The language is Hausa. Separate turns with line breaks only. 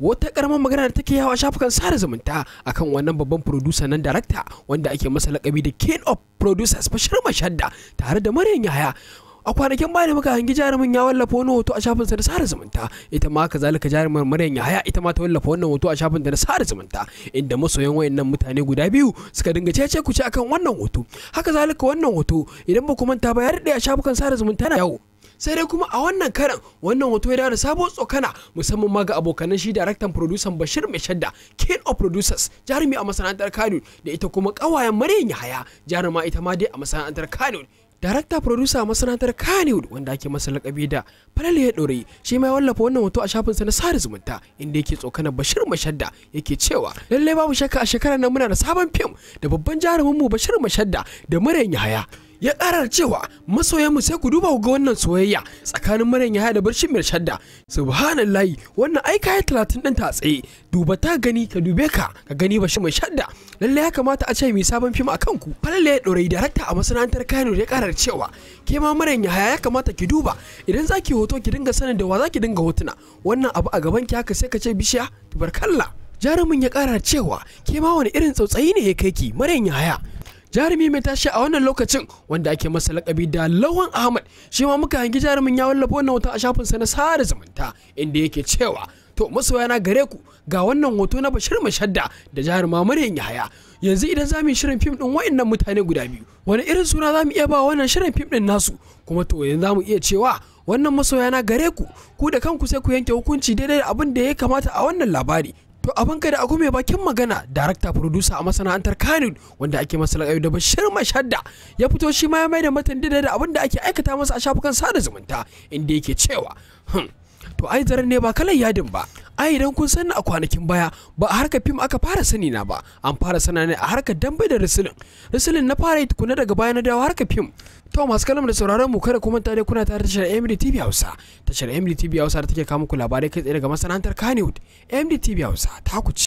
wata karamar magana da take yawa shafukan sada zumunta akan wannan babban producer nan darakta wanda ake masa lakabi da king of producers bashir mashadda tare da maryam yahaya a kwanakin baya muka hangi jarumin ya wallafa wani hoto a shafinsa na sada zumunta ita ma zalika jarumin maryam yahaya ita ma ta wallafa wannan hoto a shafinta na sada zumunta inda masoyan wayannan mutane guda biyu suka dinga cece ce akan wannan hoto haka zalika wannan hoto idan ba ku manta ba ya daɗe a shafukan sada zumunta na yau sai dai kuma a wannan karan wannan hoto ya dawo da sabon tsokana musamman ma ga abokanan shi daraktan producer Bashir Mai Shadda King of Producers jarumi a masana'antar Kano da ita kuma kawayen Maryam Yahaya jaruma ita ma dai a masana'antar Kano darakta producer masana'antar Kannywood wanda ake masa lakabi da Falale ya dore shi mai ya wallafa wannan hoto a sa na sada zumunta inda yake tsokanar Bashir Mashadda yake cewa lallai babu shakka a shekarar nan muna da sabon fim da babban jarumin mu Bashir Mashadda da Maryam Yahaya ya ƙara cewa mu sai ku duba ku ga wannan soyayya tsakanin maran ya da barshin mai shadda subhanallahi wannan ai kai talatin din ta tsaye duba ta gani ka dube ka ka gani shi mai shadda lalle ya kamata a ce mai sabon fim akan ku falle ya dore darakta a masana'antar Kano ya ƙara cewa ke ma maran ya ya kamata ki duba idan zaki hoto ki dinga sanin da wa zaki dinga hotuna wannan abu a gaban ki haka sai ka ce bishiya tubarkalla jarumin ya ƙara cewa ke ma wani irin tsautsayi ne ya kai ki maran ya jarumi mai tashi a wannan lokacin wanda ake masa lakabi da lawan ahmad shi ma muka hangi jarumin ya wallafa wannan hoton a shafin sa na sada zumunta inda yake cewa to masoya na gare ku ga wannan hoto na bashir mashadda da jaruma muryan yahaya yanzu idan za mu yi shirin fim din wayannan mutane guda biyu wani irin suna za mu iya ba wannan shirin fim din nasu kuma to yanzu za mu iya cewa wannan masoya na gare ku ku da kanku sai ku yanke hukunci daidai da abin da ya kamata a wannan labari to abin da ago mai bakin magana darakta producer a masana'antar kanun wanda ake masa lakabi da bashir mashadda ya fito shi ma ya mai da matan da abin da ake aikata masa a shafukan sada zumunta inda yake cewa hmm. to ai zaren ne ba kalan yadin ba ai idan kun sani a kwanakin baya ba a harka fim aka fara sani na ba an fara sana ne a harkar dambe da risilin risilin na fara yi tukuna daga baya na dawo harkar fim to masu kalam da sauraron mu kada kuma tare kuna tare tashar MD TV Hausa tashar MD TV Hausa da take kawo muku labarai kai tsaye daga masana'antar kanewood MD TV Hausa ta ku